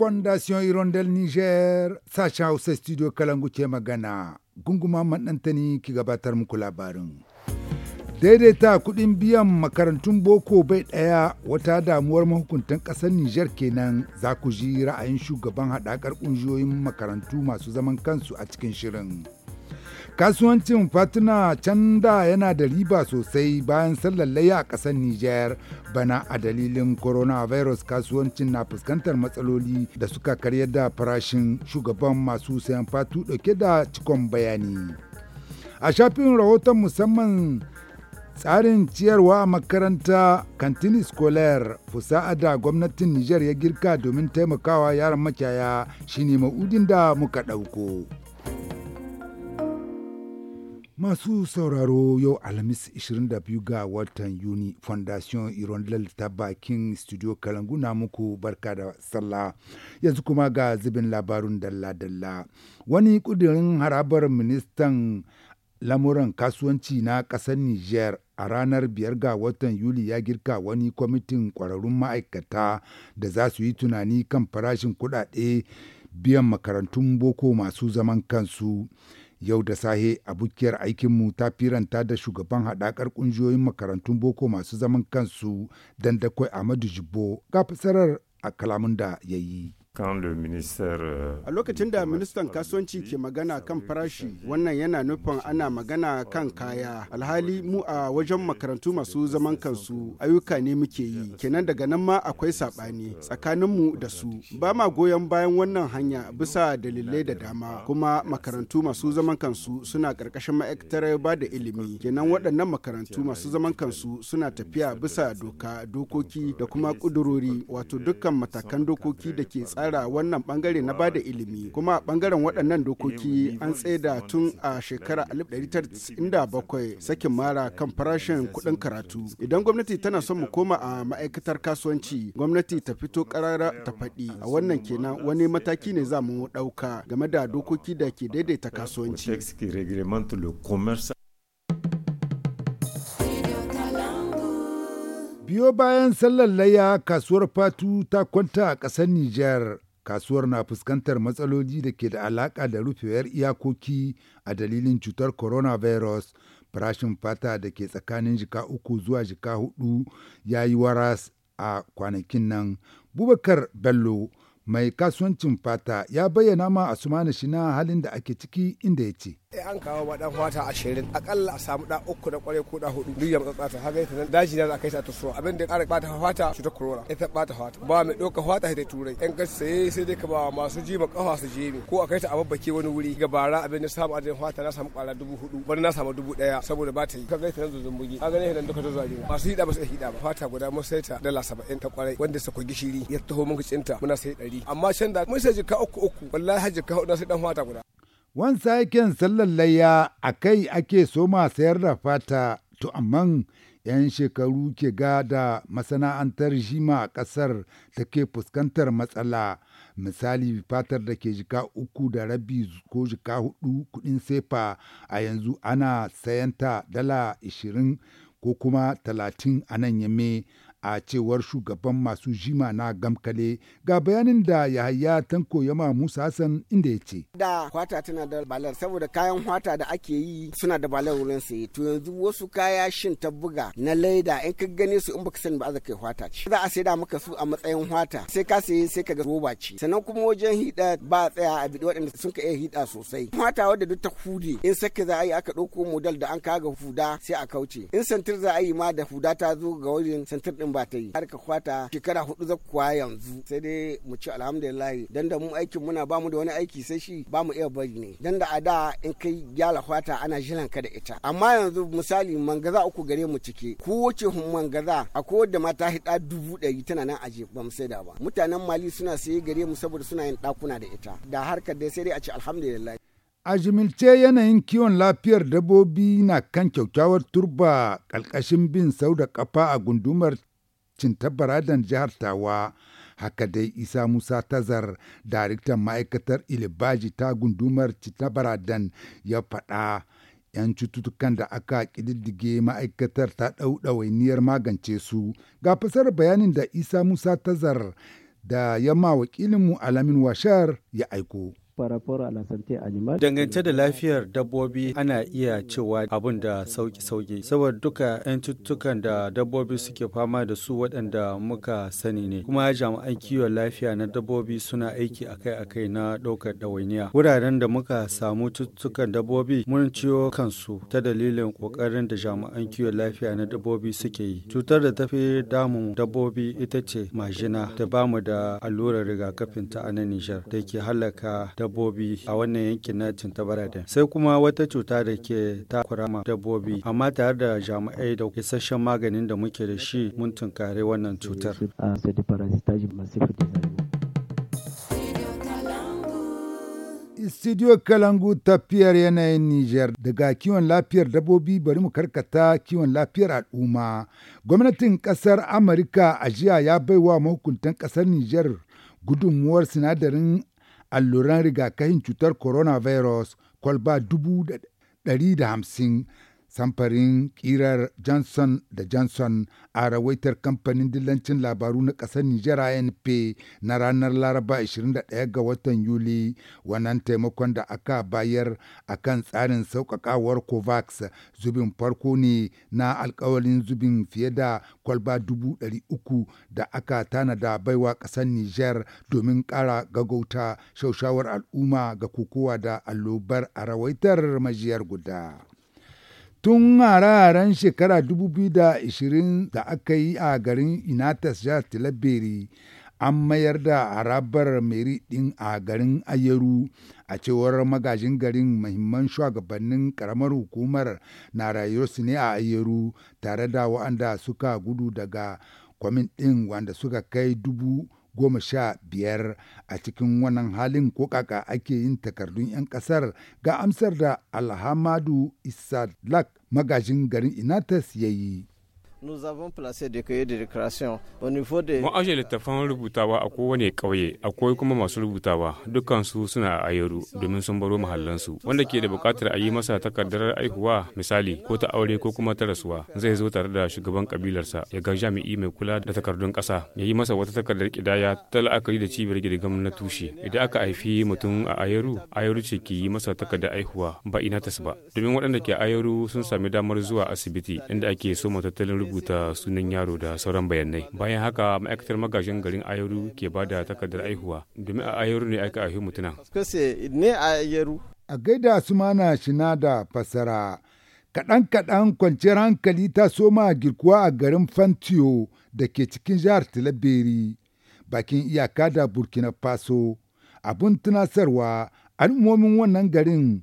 fondation irondel niger sashen hausa studio kalangu ke magana gunguma maɗantani ki gabatar muku labarin daidaita kuɗin biyan makarantun boko bai ɗaya wata damuwar mahukuntan ƙasar niger kenan za ku ji ra'ayin shugaban haɗakar ƙungiyoyin makarantu masu zaman kansu a cikin shirin. Kasuwancin Fatuna, can da yana da riba sosai bayan sallar a ƙasar Nijar bana a dalilin coronavirus kasuwancin na fuskantar matsaloli da suka karya da farashin shugaban masu sayan fatu dauke da cikon bayani. A shafin rahoton musamman tsarin ciyarwa a makaranta kantin scolaire fusa'a da gwamnatin Nijar ya girka domin taimakawa yaran makyaya, shine ma'udin da muka ɗauko. Masu sauraro yau Alhamis 22 ga watan Yuni Fondation Irondel ta bakin Studio kalanguna muku barka da sallah yanzu kuma ga zubin labarun dalla-dalla. Wani kudirin harabar ministan lamuran kasuwanci na ƙasar Niger a ranar biyar ga watan Yuli ya girka wani kwamitin ƙwararrun ma'aikata da za su yi tunani kan farashin kuɗaɗe biyan makarantun boko masu zaman kansu. Yau da sahe abokiyar aikinmu ta firanta da shugaban haɗakar ƙungiyoyin makarantun boko masu zaman kansu dandakwai Ahmadu Jibbo ga fasarar a kalamun da ya yi. Eh, a lokacin da ministan kasuwanci ke magana kan farashi wannan yana nufin ana magana kan kaya. Alhali mu a wajen makarantu masu zaman kansu ayyuka ne muke yi. Kenan daga nan ma akwai saɓani tsakaninmu da su. Ba ma goyon bayan wannan hanya bisa dalilai da dama. Kuma makarantu masu zaman kansu suna ƙarƙashin ma'aikatar ba da ilimi. Kenan waɗannan makarantu masu zaman kansu suna tafiya bisa doka, dokoki da kuma ƙudurori wato dukkan matakan dokoki da ke tsara tsara wannan bangare na bada ilimi kuma bangaren waɗannan dokoki an tsaida tun a shekara 1997 sakin mara kan farashin kuɗin karatu idan gwamnati tana son mu koma a ma'aikatar kasuwanci gwamnati ta fito karara ta faɗi a wannan kenan wani mataki ne za mu ɗauka game da dokoki da ke daidaita kasuwanci Biyo bayan sallar layya kasuwar fatu ta kwanta a ƙasar Nijar. Kasuwar na fuskantar matsaloli da ke da alaƙa da rufewar iyakoki a dalilin cutar coronavirus. Farashin fata da ke tsakanin jika uku zuwa jika hudu ya yi waras a kwanakin nan. Bubakar Bello mai kasuwancin fata ya bayyana ma a shi shina halin da ake ciki inda ya ce eh, an kawo ma dan fata ashirin akalla a samu da uku da kware ko da hudu duk yamma tsatsa ha gaita nan daji da ka sa ta suwa abin da ƙara bata fata ta corona ita bata fata ba mai ɗauka fata ta turai yan ka sai sai dai ka ba masu jima kafa su je ko a kai ta a babbake wani wuri ga bara abin da samu adadin fata na samu kwara dubu hudu bari na samu dubu ɗaya saboda ba ta yi ka gaita nan zuzun bugi ka gane nan duka ta zagi masu hida ba su hida ba fata guda mun sai ta dala saba'in ta kwarai wanda sa ku gishiri ya taho mun cinta muna sai ɗari ɗari amma shan da mun sai jika uku uku wallahi har jika hudu sai dan fata guda. wan sakin sallar layya a kai ake soma sayar da fata to amman 'yan shekaru ke ga da masana'antar jima a ta take fuskantar matsala misali fatar da ke jika uku da rabi ko jika hudu kudin sefa a yanzu ana sayanta dala 20 ko kuma 30 a nan yamme a cewar shugaban masu jima na gamkale ga bayanin da yahaya tanko ma musa hassan inda ya ce da hwata tana da balar saboda kayan hwata da ake yi suna da balar wurin saye to yanzu wasu kaya shin ta buga na laida in ka gane su in baka sani ba za ka hwata ce za a saida maka su a matsayin hwata sai ka saye sai ka ga roba ce sannan kuma wajen hida ba tsaya a bidi waɗanda sun ka iya hida sosai hwata wadda duk ta hude in saka za a yi aka ɗauko model da an kaga huda sai a kauce in santir za a yi ma da huda ta zo ga wajen santir ɗin aikin ba ta yi har ka kwata shekara hudu za kuwa yanzu sai dai mu ci alhamdulillah dan da mu aikin muna bamu da wani aiki sai shi bamu iya bari ne dan da a da in kai gyala kwata ana jiran ka da ita amma yanzu misali mangaza uku gare mu cike ko wace hun mangaza a kowadda mata hida dubu ɗari tana nan aje ba mu saida ba mutanen mali suna saye gare mu saboda suna yin ɗakuna da ita da harkar dai sai dai a ci alhamdulillah A jimilce yanayin kiwon lafiyar dabbobi na kan kyaukyawar turba ƙalƙashin bin sau da ƙafa a gundumar cinta baradan jihar tawa haka dai isa musa tazar daraktan ma'aikatar ilibaji ta gundumar cinta ya faɗa 'yan cututtukan da aka ƙididdige ma'aikatar ta ɗauɗawainiyar magance su ga fasar bayanin da isa musa tazar da ya ma wakilinmu alamin washar ya aiko. Dangance da lafiyar dabbobi ana iya cewa abun da sauki-sauki, saboda duka 'yan cututtukan da dabbobi suke fama da su waɗanda muka sani ne. Kuma jami'an kiwon lafiya na dabbobi suna aiki akai-akai na ɗaukar ɗawainiya. Wuraren da muka samu cututtukan dabbobi mun ciyo kansu ta dalilin ƙoƙarin da jami'an kiwon lafiya na dabbobi suke yi. Cutar da tafi damun dabbobi ita ce majina da bamu da allurar rigakafin ta a nan Nijar da ke halaka dabbobi. dabbobi a wannan yankin na da sai kuma wata cuta da ke takura ma dabbobi amma tare da jami'ai da isasshen maganin da muke da shi mun tunkare wannan cutar studio kalangu tafiyar yanayin Nijar daga kiwon lafiyar dabbobi bari mu karkata kiwon lafiyar al'umma. Gwamnatin kasar Amurka a jiya ya baiwa mahukuntan kasar Nijar gudunmuwar sinadarin alluran rigakafin cutar coronavirus kwalba dubu ɗari da hamsin Samfarin kirar Johnson da Johnson a rawaitar kamfanin dillancin labaru na ƙasar Nijar ANP na ranar Laraba 21 ga watan Yuli wannan taimakon da aka bayar a kan tsarin sauƙaƙawar COVAX zubin farko ne na alkawalin zubin fiye da kwalba 300 da aka tanada baiwa ƙasar Nijar domin ƙara gagauta shaushawar al'umma ga kokowa da allobar a rawaitar majiyar guda. tun hararen shekara 2020 da aka yi a garin inatas ja tilaberi an mayar da harabar meri ɗin a garin ayeru a cewar magajin garin mahimman shugabannin karamar hukumar na rayuwarsu ne a ayeru tare da waɗanda suka gudu daga kwamitin wanda suka kai dubu goma sha biyar a cikin wannan halin ko kaka ake yin takardun 'yan ƙasar ga amsar da alhamadu isadlak magajin garin inatas ya yi. Nous avons placé des cahiers de récréation au niveau de... aje littattafan rubutawa a kowane kauye akwai kuma masu rubutawa, dukansu suna a yaro domin sun baro su Wanda ke da buƙatar a yi masa takardar aihuwa misali ko ta aure ko kuma ta rasuwa zai zo tare da shugaban kabilarsa ya ga jami'i mai kula da takardun ƙasa ya yi masa wata takardar kidaya. ta la'akari da cibiyar girgam na tushe. Idan aka haifi mutum a ayaru, ayaru ce ke yi masa takardar aihuwa ba ina tas ba. Domin waɗanda ke ayaru sun sami damar zuwa asibiti inda ake so tattalin rubuta sunan yaro da sauran bayanai bayan haka ma'aikatar magajin garin ayaru ke ba da takardar aihuwa domin a ayaru ne aika aihu mutuna a gaida su mana shina da fasara kaɗan-kaɗan kwanciyar hankali ta soma girkuwa a garin fantiyo da ke cikin jihar tilaberi bakin iyaka da burkina faso abin tunasarwa al'ummomin wannan garin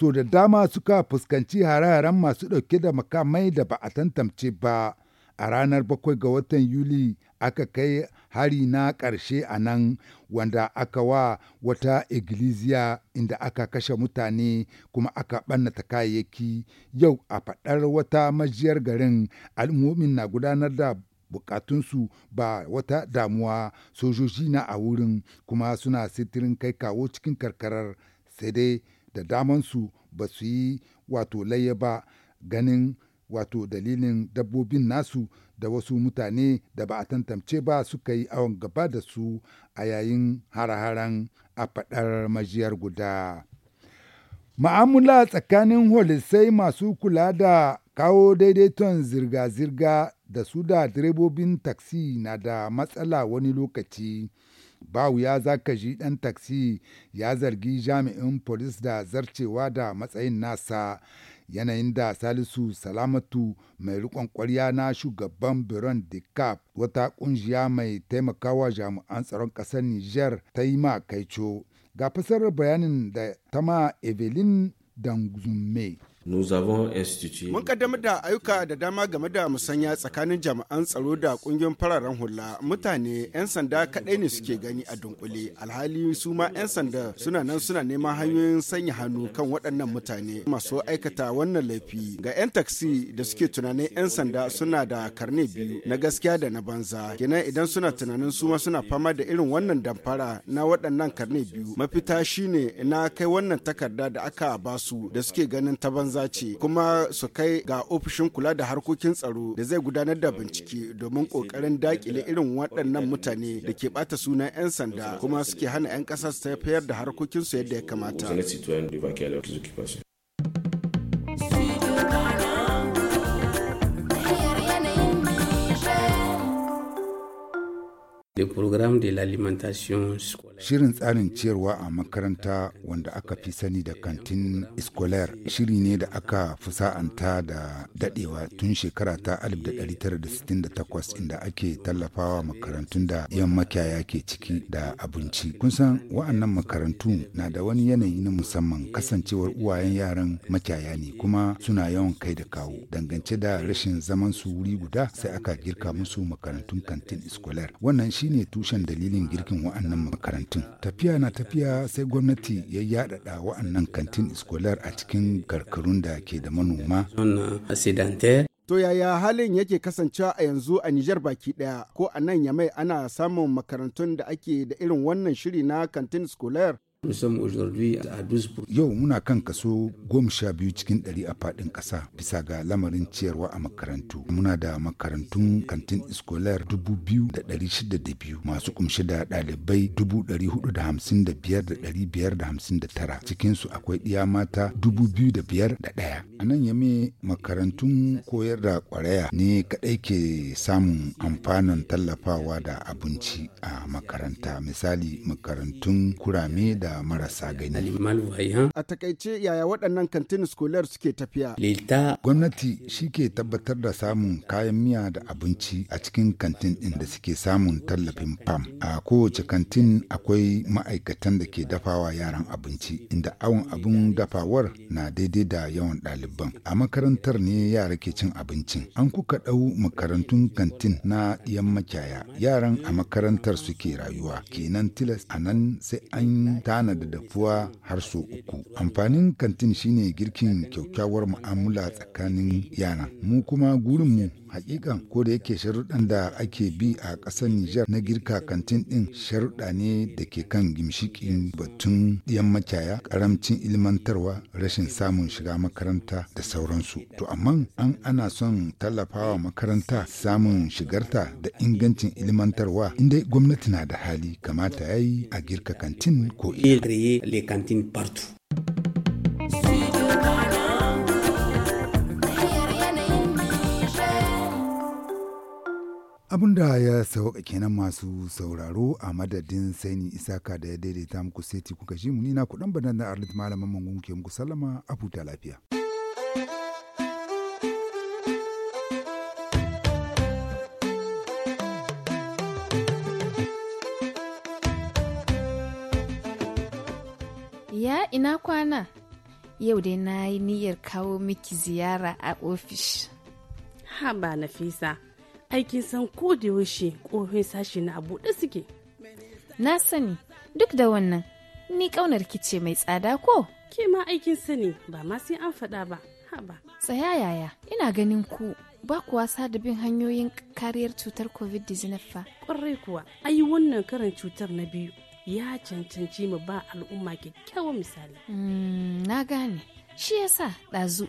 so da dama suka fuskanci hare-haren masu ɗauke da makamai da ba a tantance ba a ranar bakwai ga watan yuli aka kai hari na ƙarshe a nan wanda aka wa wata iglesia inda aka kashe mutane kuma aka ɓannata kayayyaki yau a faɗar wata majiyar garin al'ummomin na gudanar da bukatunsu ba wata damuwa sojoji na a wurin kuma suna sitirin kai kawo cikin karkarar sai dai da damansu ba su yi wato laye ba ganin wato dalilin dabbobin nasu da wasu mutane da ba a tantance ba suka yi awon gaba da su a yayin haraharan a faɗar majiyar guda. Ma'amula tsakanin holisai masu kula da kawo daidaiton zirga-zirga da su da direbobin taksi na da matsala wani lokaci. ba ya za ka ɗan taksi ya zargi jami'in polis da zarcewa da matsayin nasa yanayin da salisu salamatu mai rikon kwarya na shugaban biron cap wata kungiya mai taimakawa jami'an tsaron ƙasar niger ta yi ma kaico ga fasarar bayanin da tama evelyn dangzume Mun kaddamar da ayyuka da dama game da musanya tsakanin jami'an tsaro da kungiyoyin fararen hula mutane 'yan sanda kaɗai ne suke gani a dunkule alhali su ma 'yan sanda suna nan suna neman hanyoyin sanya hannu kan waɗannan mutane masu aikata wannan laifi ga 'yan taksi da suke tunanin 'yan sanda suna da karne biyu na gaskiya da na banza kenan idan suna tunanin su ma suna fama da irin wannan damfara na waɗannan karne biyu mafita shine na kai wannan takarda da aka basu da suke ganin ta banza maza ce kuma su kai ga ofishin kula da harkokin tsaro da zai gudanar da bincike domin kokarin dakile irin waɗannan mutane da ke bata sunan 'yan sanda kuma suke hana 'yan ƙasa su tafiyar da harkokinsu yadda ya kamata. Shirin tsarin ciyarwa a makaranta wanda aka fi sani da kantin Escolar shiri ne da aka fusa'anta da dadewa tun shekara ta 1968 inda ake tallafawa makarantun da yan makiyaya ke ciki da abinci. kusan wa'annan makarantu na da wani yanayi na musamman kasancewar uwayen yaran makiyaya ne kuma suna yawan kai da kawo. Dangance da rashin zaman su wuri guda sai aka girka musu makarantun kantin Escolar. Wannan shi shine tushen dalilin girkin wa'annan makarantun. Tafiya na tafiya sai gwamnati ya yaɗaɗa wa'annan kantin iskolar a cikin karkarun da ke da manoma. To yaya halin yake kasancewa a yanzu a Nijar baki ɗaya ko a nan Yamai ana samun makarantun da ake da irin wannan shiri na kantin scolaire? Yau muna kan kaso goma sha biyu cikin ɗari a faɗin ƙasa bisa ga lamarin ciyarwa a makarantu. Muna da makarantun kantin iskolar dubu biyu da ɗari shida da biyu masu kumshi da ɗalibai dubu ɗari hudu da hamsin da biyar da ɗari biyar da hamsin da tara cikinsu akwai ɗiya mata dubu biyu da biyar da ɗaya. A nan yame makarantun koyar da ƙwaraya ne kaɗai ke samun amfanin tallafawa da abinci a makaranta misali makarantun kurame da marasa gani. A takaice yaya waɗannan kantin skolar suke tafiya? Gwamnati shi ke tabbatar da samun kayan miya da abinci a cikin kantin ɗin da suke samun tallafin fam. A kowace kantin akwai ma'aikatan da ke dafawa yaran abinci inda awon abin dafawar na daidai da yawan ɗaliban. A makarantar ne yara ke cin abincin. An kuka ɗau makarantun kantin na yan makiyaya. Yaran a makarantar suke rayuwa. Kenan tilas a nan sai an ta gudana da dafuwa har sau uku. Amfanin kantin shine girkin kyakkyawar mu'amala tsakanin yana. Mu kuma gurin gurinmu hakika ko da yake sharuɗan da ake bi a ƙasar Nijar na girka kantin ɗin sharuɗa ne da ke kan gimshikin batun ɗiyan makyaya ƙaramcin ilmantarwa rashin samun shiga makaranta da sauransu to amma an ana son tallafawa makaranta samun shigarta da ingancin ilmantarwa inda gwamnati na da hali kamata ya yi a girka kantin ko ina abin da ya sauka kenan masu sauraro a madadin saini isaka da ya daidaita muku seti kuka ji mu nina kudan banan da arlit malaman mangun ke muku sallama a huta lafiya ya ina kwana yau dai na yi niyyar kawo miki ziyara a ofish ha ba nafisa aikin san ko da yaushe ƙofin sashi na buɗe suke na sani duk da wannan ni ƙaunar kice mai tsada ko ke ma aikin sani ba ma sai an faɗa ba haba tsaya yaya ina ganin ku ba ku wasa da bin hanyoyin kariyar cutar covid-19 fa ƙwarai kuwa ayi wannan karin cutar na biyu ya cancanci mu ba al'umma kyakkyawan misali hmm, na gane shi yasa ɗazu